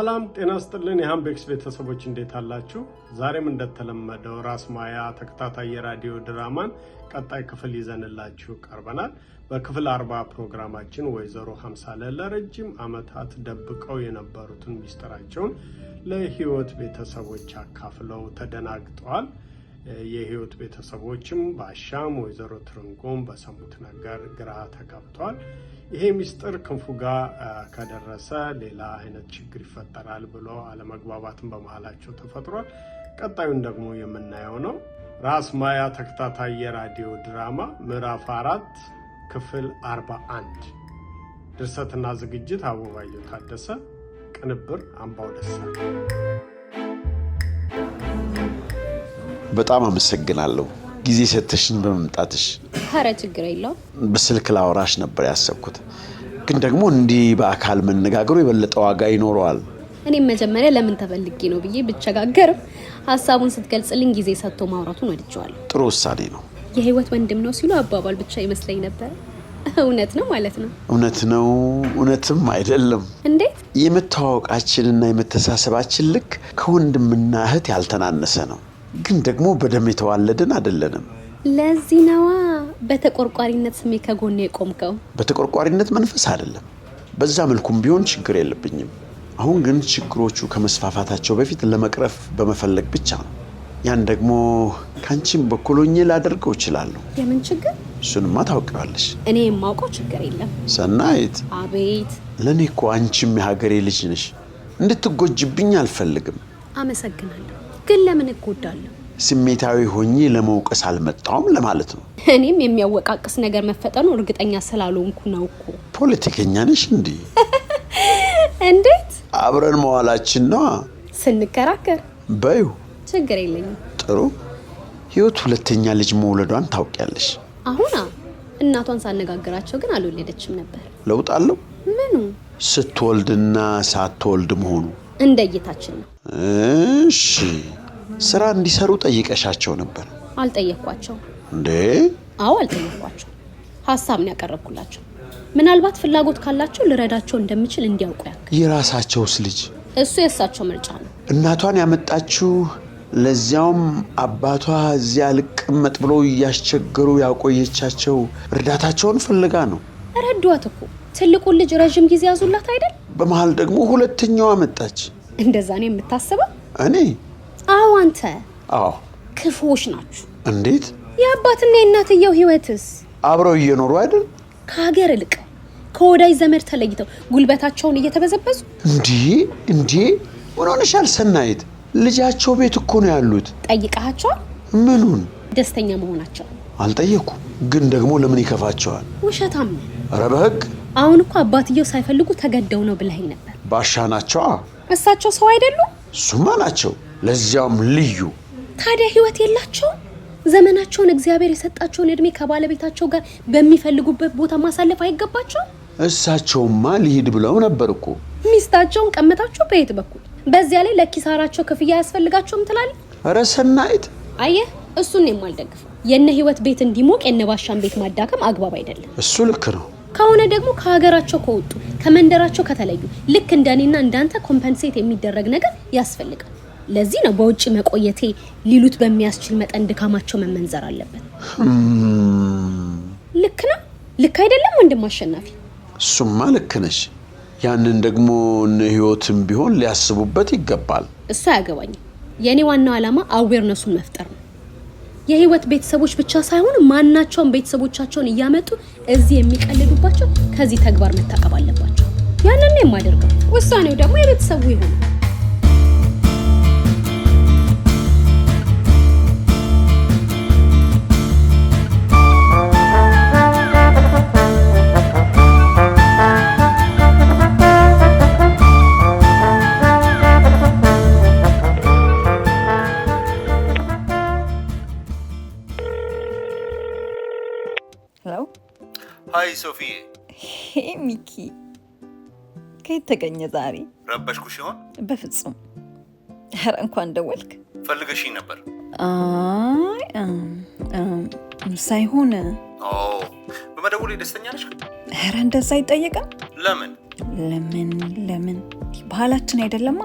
ሰላም ጤና ስጥልን። የሃምቤክስ ቤተሰቦች እንዴት አላችሁ? ዛሬም እንደተለመደው ራስ ማያ ተከታታይ የራዲዮ ድራማን ቀጣይ ክፍል ይዘንላችሁ ቀርበናል። በክፍል አርባ ፕሮግራማችን ወይዘሮ ሀምሳለ ለረጅም ዓመታት ደብቀው የነበሩትን ሚስጥራቸውን ለህይወት ቤተሰቦች አካፍለው ተደናግጠዋል። የህይወት ቤተሰቦችም ባሻም ወይዘሮ ትርንጎም በሰሙት ነገር ግራ ተጋብቷል። ይሄ ሚስጥር ክንፉ ጋር ከደረሰ ሌላ አይነት ችግር ይፈጠራል ብሎ አለመግባባትን በመሀላቸው ተፈጥሯል። ቀጣዩን ደግሞ የምናየው ነው። ራስ ማያ ተከታታይ የራዲዮ ድራማ ምዕራፍ አራት ክፍል 41 ድርሰትና ዝግጅት አበባየሁ ታደሰ፣ ቅንብር አምባው ደሳ በጣም አመሰግናለሁ ጊዜ ሰተሽን በመምጣትሽ። ኧረ ችግር የለውም። በስልክ ላወራሽ ነበር ያሰብኩት፣ ግን ደግሞ እንዲህ በአካል መነጋገሩ የበለጠ ዋጋ ይኖረዋል። እኔም መጀመሪያ ለምን ተፈልጌ ነው ብዬ ብቸጋገርም ሀሳቡን ስትገልጽልኝ ጊዜ ሰጥቶ ማውራቱን ወድጀዋለሁ። ጥሩ ውሳኔ ነው። የህይወት ወንድም ነው ሲሉ አባባል ብቻ ይመስለኝ ነበር። እውነት ነው ማለት ነው። እውነት ነው፣ እውነትም አይደለም። እንዴት የመተዋወቃችንና የመተሳሰባችን ልክ ከወንድምና እህት ያልተናነሰ ነው። ግን ደግሞ በደም የተዋለድን አይደለንም። ለዚህ ነዋ በተቆርቋሪነት ስሜት ከጎኔ የቆምከው። በተቆርቋሪነት መንፈስ አይደለም። በዛ መልኩም ቢሆን ችግር የለብኝም። አሁን ግን ችግሮቹ ከመስፋፋታቸው በፊት ለመቅረፍ በመፈለግ ብቻ ነው። ያን ደግሞ ከአንቺም በኩሎኜ ላደርገው እችላለሁ። የምን ችግር? እሱንማ ታውቂዋለሽ። እኔ የማውቀው ችግር የለም። ሰናይት። አቤት። ለእኔ እኮ አንቺም የሀገሬ ልጅ ነሽ። እንድትጎጅብኝ አልፈልግም። አመሰግናለሁ። ግን ለምን እጎዳለሁ? ስሜታዊ ሆኜ ለመውቀስ አልመጣውም ለማለት ነው። እኔም የሚያወቃቅስ ነገር መፈጠኑ እርግጠኛ ስላልሆንኩ ነው እኮ። ፖለቲከኛ ነሽ እንዴ? እንዴት አብረን መዋላችን ነዋ ስንከራከር። በይሁ ችግር የለኝም። ጥሩ ህይወት ሁለተኛ ልጅ መውለዷን ታውቂያለሽ? አሁን እናቷን ሳነጋግራቸው ግን አልወለደችም ነበር። ለውጥ አለው? ምኑ? ስትወልድና ሳትወልድ መሆኑ እንደየታችን ነው። እሺ ስራ እንዲሰሩ ጠይቀሻቸው ነበር? አልጠየቅኳቸው። እንዴ? አዎ አልጠየቅኳቸው። ሀሳብ ነው ያቀረብኩላቸው። ምናልባት ፍላጎት ካላቸው ልረዳቸው እንደምችል እንዲያውቁ ያክል። የራሳቸውስ ልጅ? እሱ የእሳቸው ምርጫ ነው። እናቷን ያመጣችው ለዚያውም አባቷ እዚያ ልቀመጥ ብሎ እያስቸገሩ ያቆየቻቸው እርዳታቸውን ፍልጋ ነው። ረዷት እኮ ትልቁን ልጅ ረዥም ጊዜ ያዙላት አይደል? በመሀል ደግሞ ሁለተኛዋ መጣች። እንደዛ ነው የምታስበው? እኔ አዎ፣ አንተ አዎ፣ ክፉዎች ናችሁ። እንዴት? የአባትና የእናትየው ህይወትስ አብረው እየኖሩ አይደል? ከሀገር እልቅ ከወዳጅ ዘመድ ተለይተው ጉልበታቸውን እየተበዘበዙ። እንዲህ እንዲህ ምን ሆነሻል ሰናይት? ልጃቸው ቤት እኮ ነው ያሉት። ጠይቀሃቸዋል? ምኑን? ደስተኛ መሆናቸው። አልጠየኩም፣ ግን ደግሞ ለምን ይከፋቸዋል? ውሸታም ነው። ኧረ በህግ አሁን እኮ አባትየው ሳይፈልጉ ተገደው ነው ብለኸኝ ነበር። ባሻ ናቸው። እሳቸው ሰው አይደሉም? ሱማ ናቸው ለዚያም ልዩ። ታዲያ ህይወት የላቸውም? ዘመናቸውን እግዚአብሔር የሰጣቸውን እድሜ ከባለቤታቸው ጋር በሚፈልጉበት ቦታ ማሳለፍ አይገባቸውም? እሳቸውማ ሊሂድ ብለው ነበር እኮ። ሚስታቸውን ቀምታችሁ በየት በኩል? በዚያ ላይ ለኪሳራቸው ክፍያ አያስፈልጋቸውም ትላል። ኧረ ሰናይት፣ አየህ እሱን የማልደግፍ የነ ህይወት ቤት እንዲሞቅ የነ ባሻን ቤት ማዳከም አግባብ አይደለም። እሱ ልክ ነው። ከሆነ ደግሞ ከሀገራቸው ከወጡ ከመንደራቸው ከተለዩ ልክ እንደኔና እንዳንተ ኮምፐንሴት የሚደረግ ነገር ያስፈልጋል። ለዚህ ነው በውጭ መቆየቴ ሊሉት በሚያስችል መጠን ድካማቸው መመንዘር አለበት። ልክ ነው ልክ አይደለም ወንድም አሸናፊ? እሱማ ልክ ነሽ። ያንን ደግሞ እነ ህይወትም ቢሆን ሊያስቡበት ይገባል። እሱ አያገባኝም። የእኔ ዋናው ዓላማ አዌርነሱን መፍጠር ነው። የህይወት ቤተሰቦች ብቻ ሳይሆን ማናቸውም ቤተሰቦቻቸውን እያመጡ እዚህ የሚቀልዱባቸው ከዚህ ተግባር መታቀብ አለባቸው። ያንን የማደርገው። ውሳኔው ደግሞ የቤተሰቡ ይሆናል። ሀይ ሶፊዬ። ሄ ሚኪ፣ ከየት ተገኘ ዛሬ? ረበሽኩ ሲሆን? በፍጹም። ኧረ እንኳን ደወልክ። ፈልገሽኝ ነበር? አይ ሳይሆን በመደወል ደስተኛ ነሽ? ኧረ እንደዛ አይጠየቅም። ለምን ለምን ለምን? ባህላችን አይደለማ።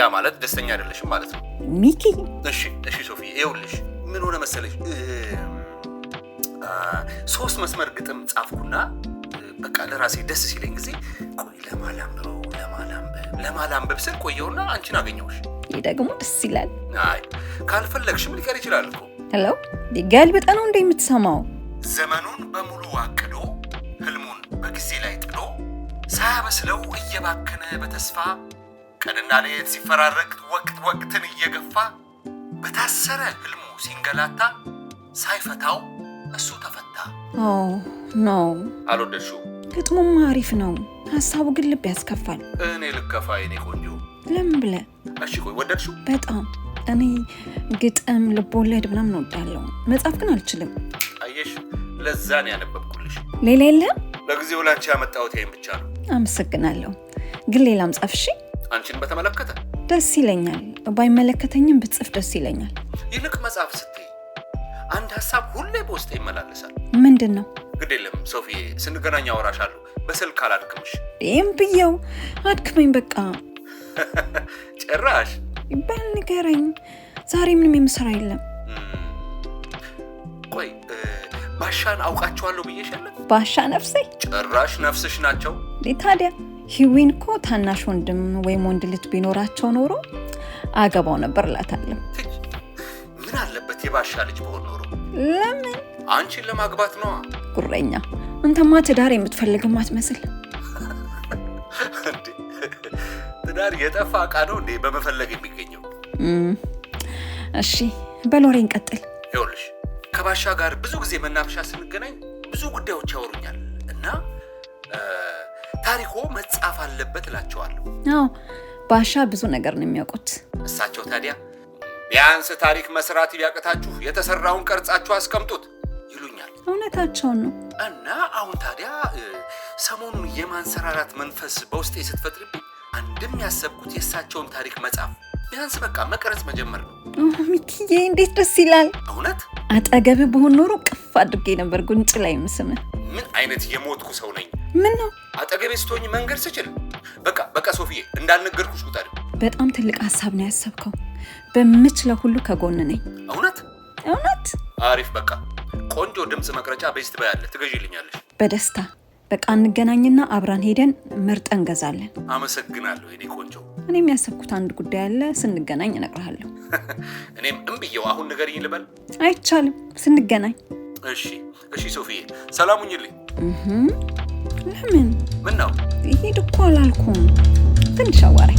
ያ ማለት ደስተኛ አይደለሽም ማለት ነው ሚኪ። እሺ እሺ ሶፊ፣ ይኸውልሽ ምን ሆነ መሰለሽ ሶስት መስመር ግጥም ጻፍኩና በቃ ለራሴ ደስ ሲለኝ ጊዜ ቆይ ለማላምበው ለማላምበብ ለማላምበብ ስል ቆየውና አንቺን አገኘሁሽ። ይህ ደግሞ ደስ ይላል። አይ ካልፈለግሽም ሊቀር ይችላል እኮ ሄሎ፣ ገልብጠ ነው እንደ የምትሰማው። ዘመኑን በሙሉ አቅዶ ህልሙን በጊዜ ላይ ጥሎ ሳያበስለው እየባከነ በተስፋ ቀንና ሌት ሲፈራረቅ ወቅት ወቅትን እየገፋ በታሰረ ህልሙ ሲንገላታ ሳይፈታው እሱ ተፈታ። ኖ፣ አልወደድሽው? ግጥሙም አሪፍ ነው፣ ሀሳቡ ግን ልብ ያስከፋል። እኔ ልከፋ የኔ ቆንጆ? ለምን ብለህ? እሺ ቆይ ወደድሽው? በጣም እኔ ግጥም፣ ልቦለድ ምናምን እወዳለሁ፣ መጽሐፍ ግን አልችልም። አየሽ፣ ለዛ ነው ያነበብኩልሽ። ሌላ የለም? ለጊዜው ላንቺ ያመጣሁት ይሄን ብቻ ነው። አመሰግናለሁ፣ ግን ሌላም ጻፍ። እሺ አንቺን በተመለከተ ደስ ይለኛል፣ ባይመለከተኝም ብጽፍ ደስ ይለኛል። ይልቅ መጽሐፍ አንድ ሀሳብ ሁሌ በውስጤ ይመላለሳል። ምንድን ነው? ግድ የለም ሶፊዬ፣ ስንገናኝ አወራሻለሁ። በስልክ አላድክምሽ። ይህም ብየው አድክመኝ በቃ ጭራሽ በል ንገረኝ። ዛሬ ምንም የምሰራ የለም። ቆይ ባሻን አውቃቸዋለሁ ብዬሻለ። ባሻ ነፍሴ፣ ጭራሽ ነፍስሽ ናቸው። ታዲያ ሂዊን እኮ ታናሽ ወንድም ወይም ወንድ ልጅ ቢኖራቸው ኖሮ አገባው ነበር እላታለሁ። ምን አለበት የባሻ ልጅ በሆን ኖሮ? ለምን አንቺን ለማግባት ነዋ። ጉረኛ አንተማ ትዳር የምትፈልግም አትመስል። ትዳር የጠፋ እቃ ነው እንዴ በመፈለግ የሚገኘው? እሺ በሎሬን ቀጥል። ይኸውልሽ ከባሻ ጋር ብዙ ጊዜ መናፈሻ ስንገናኝ ብዙ ጉዳዮች ያወሩኛል እና ታሪኮ መጻፍ አለበት እላቸዋለሁ። አዎ ባሻ ብዙ ነገር ነው የሚያውቁት እሳቸው ታዲያ ቢያንስ ታሪክ መስራት ቢያቅታችሁ የተሰራውን ቀርጻችሁ አስቀምጡት ይሉኛል። እውነታቸውን ነው። እና አሁን ታዲያ ሰሞኑን የማንሰራራት መንፈስ በውስጤ ስትፈጥርብኝ አንድም ያሰብኩት የእሳቸውን ታሪክ መጻፍ ቢያንስ በቃ መቀረጽ መጀመር ነው። ሚኪዬ እንዴት ደስ ይላል! እውነት አጠገብ በሆን ኖሮ ቅፍ አድርጌ ነበር ጉንጭ ላይ ምስም። ምን አይነት የሞትኩ ሰው ነኝ! ምን ነው አጠገቤ ስትሆኝ መንገድ ስችል በቃ በቃ ሶፊዬ እንዳልነገርኩሽ ቁጠሪ። በጣም ትልቅ ሀሳብ ነው ያሰብከው በምችለው ሁሉ ከጎን ነኝ። እውነት እውነት። አሪፍ። በቃ ቆንጆ ድምፅ መቅረጫ ቤስት ባይ ትገዢልኛለሽ? በደስታ በቃ እንገናኝና አብራን ሄደን ምርጠ እንገዛለን። አመሰግናለሁ የኔ ቆንጆ። እኔም ያሰብኩት አንድ ጉዳይ አለ፣ ስንገናኝ እነግርሃለሁ። እኔም እምብየው አሁን ንገሪኝ ልበል? አይቻልም፣ ስንገናኝ። እሺ እሺ። ሶፊዬ ሰላሙኝልኝ። ለምን? ምን ነው? ይሄድ እኮ አላልኩም። ትንሽ አዋራኝ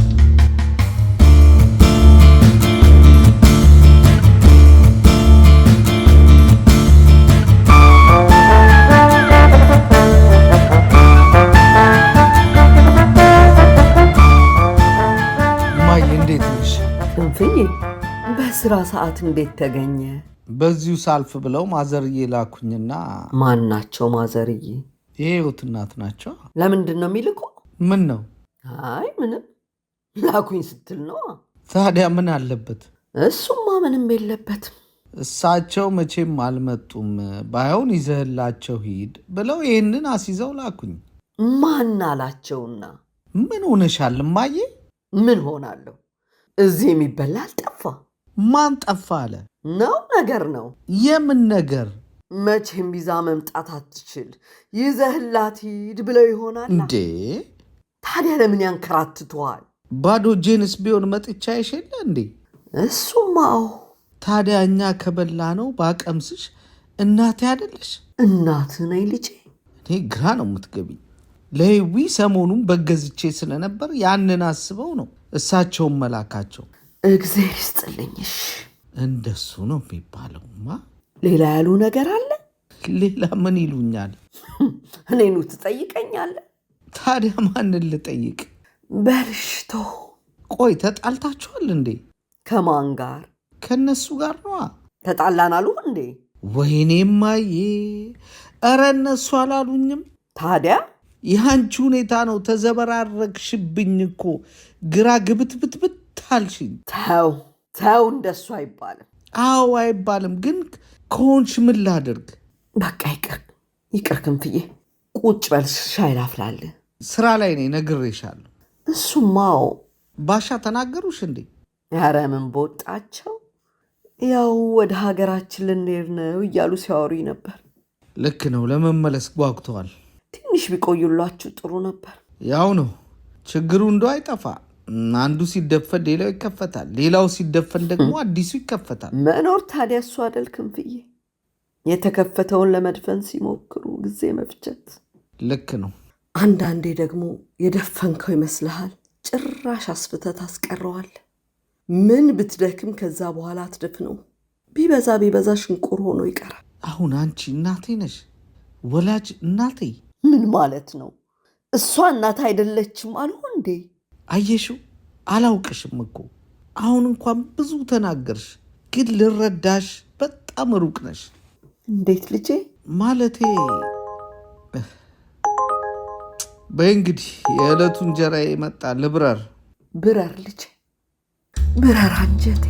የስራ ሰዓት እንዴት ተገኘ? በዚሁ ሳልፍ ብለው ማዘርዬ ላኩኝና። ማን ናቸው ማዘርዬ? የህይወት እናት ናቸው። ለምንድን ነው የሚልኩ? ምን ነው? አይ ምንም፣ ላኩኝ ስትል ነው። ታዲያ ምን አለበት? እሱማ ምንም የለበትም። እሳቸው መቼም አልመጡም፣ ባይሆን ይዘህላቸው ሂድ ብለው ይህንን አስይዘው ላኩኝ። ማን አላቸውና? ምን ሆነሻል እማዬ? ምን ሆናለሁ? እዚህ የሚበላ አልጠፋ ማን ጠፋ አለ። ነው ነገር ነው። የምን ነገር? መቼም ቢዛ መምጣት አትችል፣ ይዘህላት ሂድ ብለው ይሆናል እንዴ? ታዲያ ለምን ያንከራትተዋል? ባዶ ጄንስ ቢሆን መጥቻ አይሸለ እንዴ? እሱማው ታዲያ እኛ ከበላ ነው በአቀምስሽ እናቴ አይደለሽ? እናት ነኝ ልጄ። እኔ ግራ ነው የምትገቢኝ። ለህዊ ሰሞኑን በገዝቼ ስለነበር ያንን አስበው ነው እሳቸውን መላካቸው። እግዜር ይስጥልኝሽ። እንደሱ ነው የሚባለውማ። ሌላ ያሉ ነገር አለ? ሌላ ምን ይሉኛል? እኔኑ ትጠይቀኛለ? ታዲያ ማንን ልጠይቅ? በልሽቶ። ቆይ ተጣልታችኋል እንዴ? ከማን ጋር? ከእነሱ ጋር ነዋ። ተጣላን አሉ እንዴ? ወይኔማዬ እረ እነሱ አላሉኝም። ታዲያ የአንቺ ሁኔታ ነው። ተዘበራረግሽብኝ እኮ ግራ ግብትብትብት አልሽኝ። ተው ተው፣ እንደሱ አይባልም። አዎ አይባልም፣ ግን ከሆንሽ ምን ላድርግ? በቃ ይቅር ይቅር፣ ክንፍዬ ቁጭ በል ሻይ ላፍላል። ስራ ላይ ነኝ፣ ነግሬሻለሁ። እሱማው ባሻ ተናገሩሽ እንዴ? ኧረ ምን በወጣቸው፣ ያው ወደ ሀገራችን ልንሄድ ነው እያሉ ሲያወሩኝ ነበር። ልክ ነው፣ ለመመለስ ጓጉተዋል። ትንሽ ቢቆዩላችሁ ጥሩ ነበር። ያው ነው ችግሩ እንደው አይጠፋ አንዱ ሲደፈን ሌላው ይከፈታል። ሌላው ሲደፈን ደግሞ አዲሱ ይከፈታል። መኖር ታዲያ እሱ አደል ክንፍዬ፣ የተከፈተውን ለመድፈን ሲሞክሩ ጊዜ መፍጨት ልክ ነው። አንዳንዴ ደግሞ የደፈንከው ይመስልሃል፣ ጭራሽ አስፍተት አስቀረዋል። ምን ብትደክም ከዛ በኋላ አትደፍነው። ቢበዛ ቢበዛ ሽንቁር ሆኖ ይቀራል። አሁን አንቺ እናቴ ነሽ፣ ወላጅ እናቴ ምን ማለት ነው? እሷ እናት አይደለችም አልሁ እንዴ? አየሽው፣ አላውቅሽም እኮ አሁን እንኳን ብዙ ተናገርሽ፣ ግን ልረዳሽ በጣም ሩቅ ነሽ። እንዴት ልጄ? ማለቴ በይ እንግዲህ የዕለቱ እንጀራ የመጣ ልብረር። ብረር ልጄ፣ ብረር አንጀቴ፣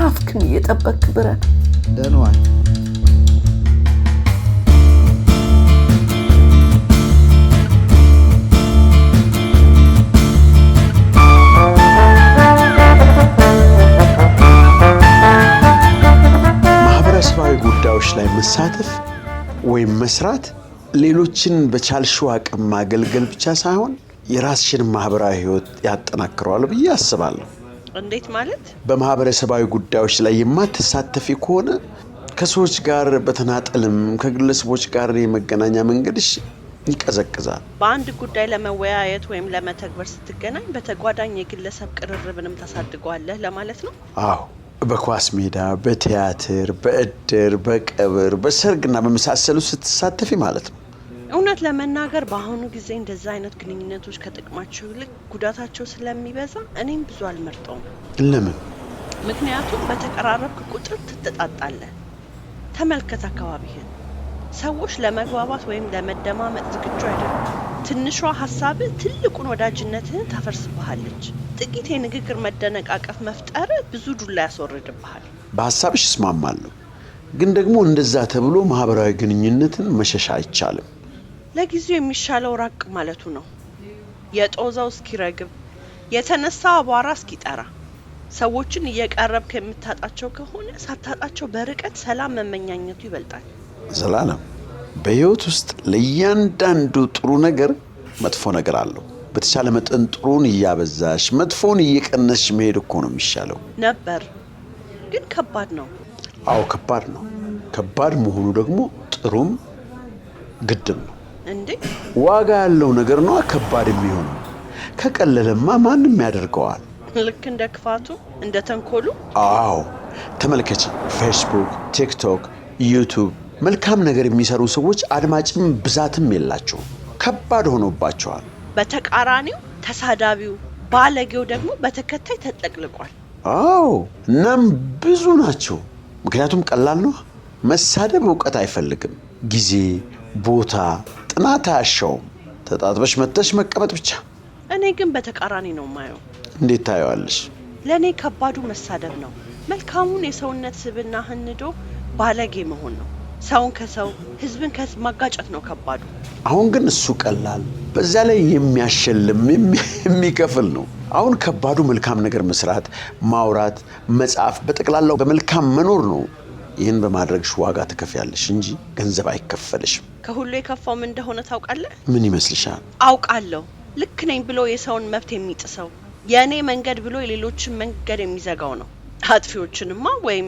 ራፍክን እየጠበክ ብረር ደንዋል ስራዎች ላይ መሳተፍ ወይም መስራት ሌሎችን በቻልሹ አቅም ማገልገል ብቻ ሳይሆን የራስሽን ማህበራዊ ህይወት ያጠናክረዋል ብዬ አስባለሁ። እንዴት ማለት? በማህበረሰባዊ ጉዳዮች ላይ የማትሳተፊ ከሆነ ከሰዎች ጋር በተናጠልም ከግለሰቦች ጋር የመገናኛ መንገድሽ ይቀዘቅዛል። በአንድ ጉዳይ ለመወያየት ወይም ለመተግበር ስትገናኝ በተጓዳኝ የግለሰብ ቅርርብንም ታሳድገዋለህ ለማለት ነው። አዎ በኳስ ሜዳ፣ በቲያትር፣ በእድር፣ በቀብር፣ በሰርግና በመሳሰሉ ስትሳተፊ ማለት ነው። እውነት ለመናገር በአሁኑ ጊዜ እንደዛ አይነት ግንኙነቶች ከጥቅማቸው ይልቅ ጉዳታቸው ስለሚበዛ እኔም ብዙ አልመርጠውም። ለምን? ምክንያቱም በተቀራረብክ ቁጥር ትጠጣጣለህ። ተመልከት አካባቢህን። ሰዎች ለመግባባት ወይም ለመደማመጥ ዝግጁ አይደሉም። ትንሿ ሀሳብ ትልቁን ወዳጅነትህን ታፈርስብሃለች። ጥቂት የንግግር መደነቃቀፍ መፍጠር ብዙ ዱላ ያስወርድብሃል። በሀሳብሽ እስማማለሁ፣ ግን ደግሞ እንደዛ ተብሎ ማህበራዊ ግንኙነትን መሸሽ አይቻልም። ለጊዜው የሚሻለው ራቅ ማለቱ ነው። የጦዘው እስኪረግብ፣ የተነሳው አቧራ እስኪጠራ ሰዎችን እየቀረብክ የምታጣቸው ከሆነ ሳታጣቸው በርቀት ሰላም መመኛኘቱ ይበልጣል። ዘላለም በህይወት ውስጥ ለእያንዳንዱ ጥሩ ነገር መጥፎ ነገር አለው። በተቻለ መጠን ጥሩን እያበዛሽ መጥፎን እየቀነሽ መሄድ እኮ ነው የሚሻለው። ነበር ግን ከባድ ነው። አዎ ከባድ ነው። ከባድ መሆኑ ደግሞ ጥሩም ግድም ነው እንዴ። ዋጋ ያለው ነገር ነው ከባድ የሚሆነው። ከቀለለማ ማንም ያደርገዋል። ልክ እንደ ክፋቱ እንደ ተንኮሉ። አዎ ተመልከች፣ ፌስቡክ፣ ቲክቶክ፣ ዩቱብ መልካም ነገር የሚሰሩ ሰዎች አድማጭም ብዛትም የላቸውም። ከባድ ሆኖባቸዋል። በተቃራኒው ተሳዳቢው ባለጌው ደግሞ በተከታይ ተጥለቅልቋል። አዎ፣ እናም ብዙ ናቸው። ምክንያቱም ቀላል ነው። መሳደብ እውቀት አይፈልግም። ጊዜ፣ ቦታ፣ ጥናት አያሻውም። ተጣጥበሽ መጥተሽ መቀመጥ ብቻ። እኔ ግን በተቃራኒ ነው ማየው። እንዴት ታየዋለሽ? ለእኔ ከባዱ መሳደብ ነው። መልካሙን የሰውነት ስብና ህንዶ ባለጌ መሆን ነው። ሰውን ከሰው ህዝብን ከህዝብ ማጋጨት ነው ከባዱ። አሁን ግን እሱ ቀላል፣ በዛ ላይ የሚያሸልም የሚከፍል ነው። አሁን ከባዱ መልካም ነገር መስራት፣ ማውራት፣ መጻፍ፣ በጠቅላላው በመልካም መኖር ነው። ይህን በማድረግሽ ዋጋ ትከፍያለሽ እንጂ ገንዘብ አይከፈልሽም። ከሁሉ የከፋውም እንደሆነ ታውቃለህ። ምን ይመስልሻል? አውቃለሁ። ልክ ነኝ ብሎ የሰውን መብት የሚጥሰው የእኔ መንገድ ብሎ የሌሎችን መንገድ የሚዘጋው ነው። አጥፊዎችንማ ወይም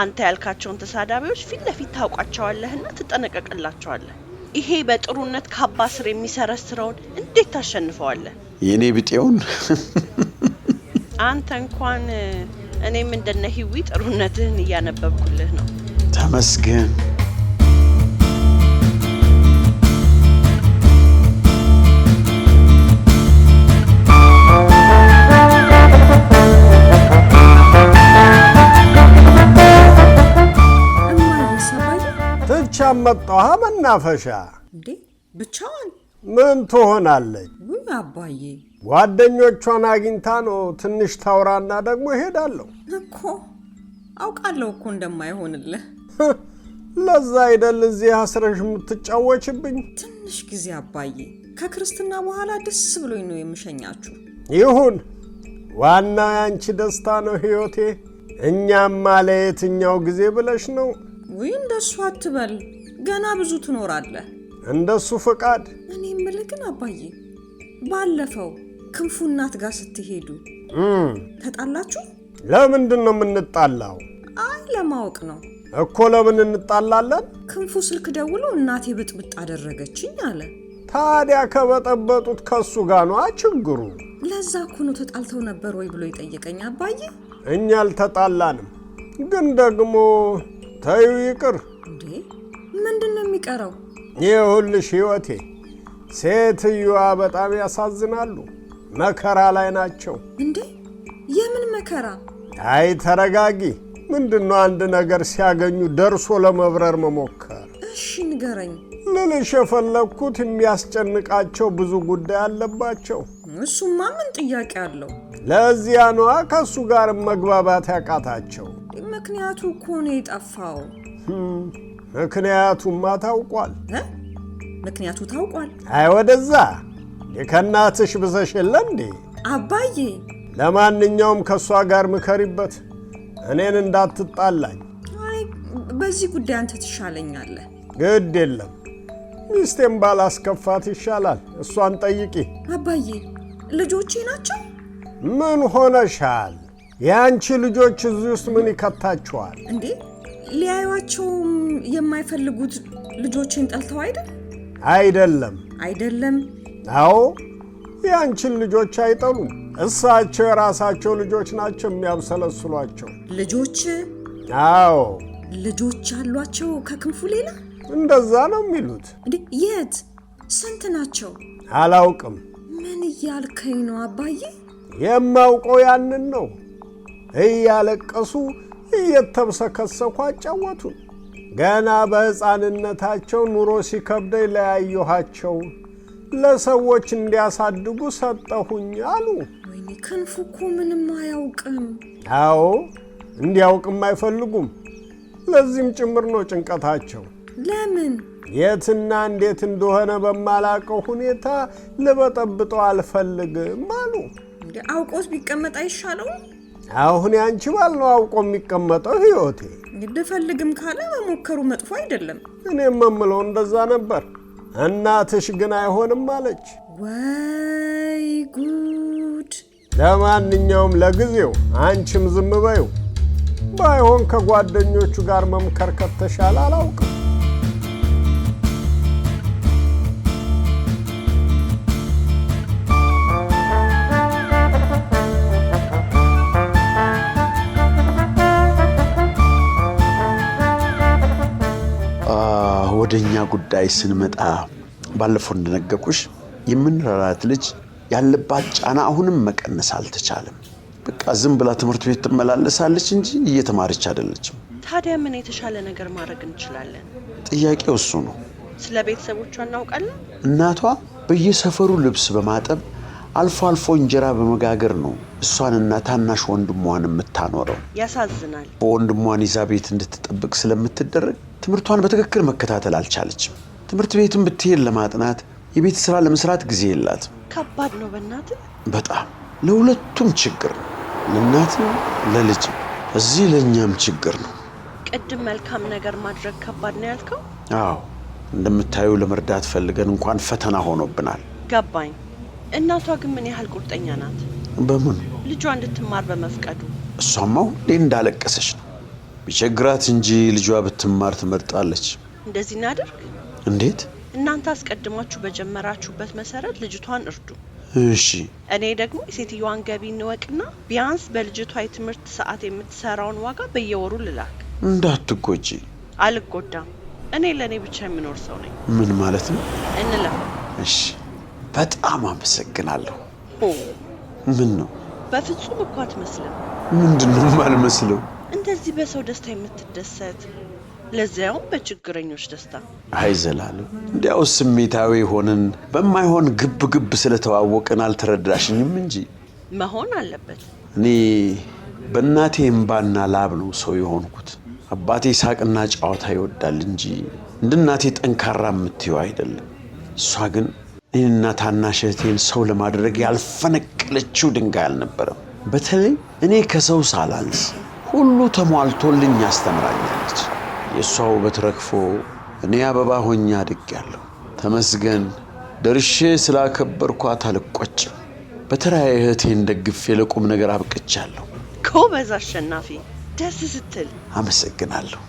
አንተ ያልካቸውን ተሳዳቢዎች ፊት ለፊት ታውቋቸዋለህና ትጠነቀቅላቸዋለህ። ይሄ በጥሩነት ካባ ስር የሚሰረስረውን እንዴት ታሸንፈዋለህ? የእኔ ብጤውን አንተ እንኳን እኔም እንደነ ህዊ ጥሩነትህን እያነበብኩልህ ነው። ተመስገን። መጣኋ መናፈሻ። እንዴ ብቻዋን ምን ትሆናለች? ውይ አባዬ፣ ጓደኞቿን አግኝታ ነው ትንሽ ታውራና ደግሞ እሄዳለሁ እኮ። አውቃለሁ እኮ እንደማይሆንልህ። ለዛ አይደል እዚህ አስረሽ የምትጫወችብኝ። ትንሽ ጊዜ አባዬ፣ ከክርስትና በኋላ ደስ ብሎኝ ነው የምሸኛችሁ። ይሁን፣ ዋና ያንቺ ደስታ ነው ሕይወቴ። እኛማ ለየትኛው ጊዜ ብለሽ ነው? ውይ እንደሱ አትበል። ገና ብዙ ትኖራለህ። እንደሱ ፈቃድ። እኔ የምልህ ግን አባዬ ባለፈው ክንፉ እናት ጋር ስትሄዱ ተጣላችሁ? ለምንድን ነው የምንጣላው? አይ ለማወቅ ነው እኮ። ለምን እንጣላለን? ክንፉ ስልክ ደውሎ እናቴ ብጥብጥ አደረገችኝ አለ። ታዲያ ከበጠበጡት ከሱ ጋር ነዋ ችግሩ። ለዛ እኮ ነው ተጣልተው ነበር ወይ ብሎ ይጠየቀኝ አባዬ እኛ አልተጣላንም፣ ግን ደግሞ ተዩ ይቅር እንዴ ምንድን ነው የሚቀረው? ይኸውልሽ ሕይወቴ፣ ሴትዮዋ በጣም ያሳዝናሉ። መከራ ላይ ናቸው። እንዴ የምን መከራ? አይ ተረጋጊ። ምንድን ነው አንድ ነገር ሲያገኙ ደርሶ ለመብረር መሞከር። እሺ ንገረኝ። ልልሽ የፈለግኩት የሚያስጨንቃቸው ብዙ ጉዳይ አለባቸው። እሱማ ምን ጥያቄ አለው? ለዚያ ነዋ ከእሱ ጋር መግባባት ያቃታቸው። ምክንያቱ እኮ ነው የጠፋው። ምክንያቱማ ታውቋል። ምክንያቱ ታውቋል። አይ ወደዛ ከእናትሽ ብሰሽ የለ እንዴ አባዬ። ለማንኛውም ከእሷ ጋር ምከሪበት፣ እኔን እንዳትጣላኝ። አይ በዚህ ጉዳይ አንተ ትሻለኛለህ። ግድ የለም ሚስቴም ባላስከፋት ይሻላል። እሷን ጠይቂ አባዬ። ልጆቼ ናቸው። ምን ሆነሻል? የአንቺ ልጆች እዚህ ውስጥ ምን ይከታችኋል እንዴ? ሊያዩቸውም የማይፈልጉት ልጆችን ጠልተው አይደል? አይደለም፣ አይደለም። አዎ የአንቺን ልጆች አይጠሉም። እሳቸው የራሳቸው ልጆች ናቸው የሚያብሰለስሏቸው። ልጆች? አዎ ልጆች አሏቸው ከክንፉ ሌላ። እንደዛ ነው የሚሉት። እንዴ የት? ስንት ናቸው? አላውቅም። ምን እያልከኝ ነው አባዬ? የማውቀው ያንን ነው። እያለቀሱ እየተብሰከሰኩ አጫወቱን። ገና በሕፃንነታቸው ኑሮ ሲከብደኝ ለያየኋቸው ለሰዎች እንዲያሳድጉ ሰጠሁኝ አሉ። ወይኔ ክንፉ እኮ ምንም አያውቅም። አዎ እንዲያውቅም አይፈልጉም። ለዚህም ጭምር ነው ጭንቀታቸው። ለምን የትና እንዴት እንደሆነ በማላቀው ሁኔታ ልበጠብጠው አልፈልግም አሉ። አውቆስ ቢቀመጥ አይሻለውም? አሁን ያንቺ ባል ነው አውቆ የሚቀመጠው ህይወቴ። ብፈልግም ካለ መሞከሩ መጥፎ አይደለም። እኔ የምምለው እንደዛ ነበር። እናትሽ ግን አይሆንም አለች። ወይ ጉድ! ለማንኛውም ለጊዜው አንቺም ዝም በይው። ባይሆን ከጓደኞቹ ጋር መምከር ከተሻለ አላውቅም ጉዳይ ስንመጣ ባለፈው እንደነገርኩሽ የምንረራት ልጅ ያለባት ጫና አሁንም መቀነስ አልተቻለም። በቃ ዝም ብላ ትምህርት ቤት ትመላለሳለች እንጂ እየተማረች አይደለችም። ታዲያ ምን የተሻለ ነገር ማድረግ እንችላለን? ጥያቄው እሱ ነው። ስለ ቤተሰቦቿ እናውቃለን። እናቷ በየሰፈሩ ልብስ በማጠብ አልፎ አልፎ እንጀራ በመጋገር ነው እሷንና ታናሽ ወንድሟን የምታኖረው። ያሳዝናል። በወንድሟን ይዛ ቤት እንድትጠብቅ ስለምትደረግ ትምህርቷን በትክክል መከታተል አልቻለችም። ትምህርት ቤትም ብትሄድ ለማጥናት የቤት ስራ ለመስራት ጊዜ የላትም። ከባድ ነው በእናት በጣም ለሁለቱም ችግር ነው፣ ለእናትም ለልጅም። እዚህ ለእኛም ችግር ነው። ቅድም መልካም ነገር ማድረግ ከባድ ነው ያልከው? አዎ እንደምታዩ ለመርዳት ፈልገን እንኳን ፈተና ሆኖብናል። ገባኝ። እናቷ ግን ምን ያህል ቁርጠኛ ናት? በምን ልጇ እንድትማር በመፍቀዱ። እሷማ ሁሌ እንዳለቀሰች ነው። ቢቸግራት እንጂ ልጇ ብትማር ትመርጣለች። እንደዚህ እናደርግ። እንዴት? እናንተ አስቀድማችሁ በጀመራችሁበት መሰረት ልጅቷን እርዱ። እሺ። እኔ ደግሞ የሴትዮዋን ገቢ እንወቅና ቢያንስ በልጅቷ የትምህርት ሰዓት የምትሰራውን ዋጋ በየወሩ ልላክ። እንዳትጎጂ። አልጎዳም። እኔ ለእኔ ብቻ የምኖር ሰው ነኝ። ምን ማለት ነው? እንለ እሺ። በጣም አመሰግናለሁ። ምን ነው? በፍጹም እኮ አትመስልም። ምንድን ነው የማልመስለው? እንደዚህ በሰው ደስታ የምትደሰት ለዚያውም በችግረኞች ደስታ። አይ ዘላለም፣ እንዲያው ስሜታዊ ሆንን በማይሆን ግብ ግብ ስለተዋወቅን አልተረዳሽኝም እንጂ መሆን አለበት። እኔ በእናቴ እምባና ላብ ነው ሰው የሆንኩት። አባቴ ሳቅና ጨዋታ ይወዳል እንጂ እንደ እናቴ ጠንካራ የምትየው አይደለም። እሷ ግን እኔንና ታናሽ እህቴን ሰው ለማድረግ ያልፈነቀለችው ድንጋይ አልነበረም። በተለይ እኔ ከሰው ሳላንስ ሁሉ ተሟልቶልኝ ያስተምራኛለች። የእሷ ውበት ረግፎ እኔ አበባ ሆኜ አድጌያለሁ። ተመስገን ደርሼ ስላከበርኳት አልቆጭም። በተራዬ እህቴን ደግፌ ለቁም ነገር አብቅቻለሁ። ጎበዝ አሸናፊ፣ ደስ ስትል። አመሰግናለሁ።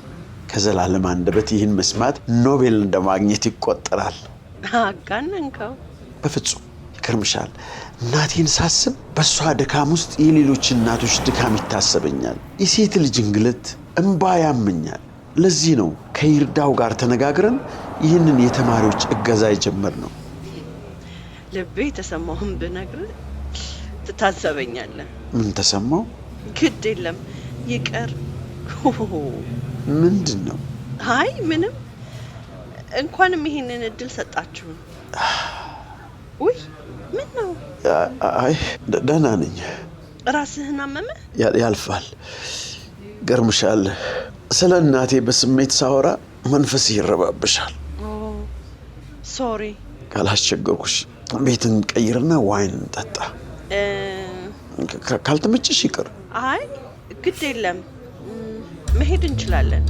ከዘላለም አንደበት ይህን መስማት ኖቤል እንደማግኘት ይቆጠራል። አጋነንከው። በፍጹም ይገርምሻል፣ እናቴን ሳስብ በእሷ ድካም ውስጥ የሌሎች እናቶች ድካም ይታሰበኛል። የሴት ልጅ እንግልት እምባ ያመኛል። ለዚህ ነው ከይርዳው ጋር ተነጋግረን ይህንን የተማሪዎች እገዛ የጀመር ነው። ልቤ የተሰማውን ብነግር ትታዘበኛለህ። ምን ተሰማው? ግድ የለም ይቀር። ምንድን ነው? አይ ምንም እንኳንም ይሄንን እድል ሰጣችሁ ውይ ምን ነው? አይ ደህና ነኝ። ራስህን አመመ? ያልፋል። ገርምሻል። ስለ እናቴ በስሜት ሳወራ መንፈስ ይረባብሻል። ሶሪ ካላስቸገርኩሽ ቤትን ቀይርና ዋይን እንጠጣ። ካልተመቸሽ ይቅር። አይ ግድ የለም መሄድ እንችላለን።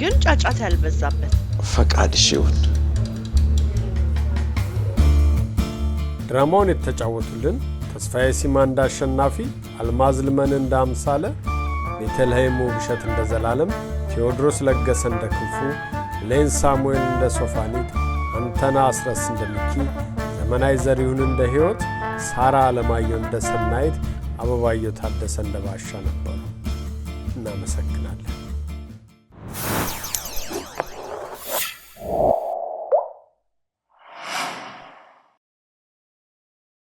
ግን ጫጫታ ያልበዛበት ፈቃድሽ ይሁን። ድራማውን የተጫወቱልን ተስፋዬ ሲማ እንደ አሸናፊ፣ አልማዝ ልመን እንደ አምሳለ፣ ቤተልሔም ውብሸት እንደ ዘላለም፣ ቴዎድሮስ ለገሰ እንደ ክንፉ፣ ሌን ሳሙኤል እንደ ሶፋኒት፣ አንተና አስረስ እንደ ሚኪ፣ ዘመናዊ ዘሪሁን እንደ ሕይወት፣ ሳራ አለማየሁ እንደ ሰናይት፣ አበባየሁ ታደሰ እንደ ባሻ ነበሩ። እናመሰግናለን።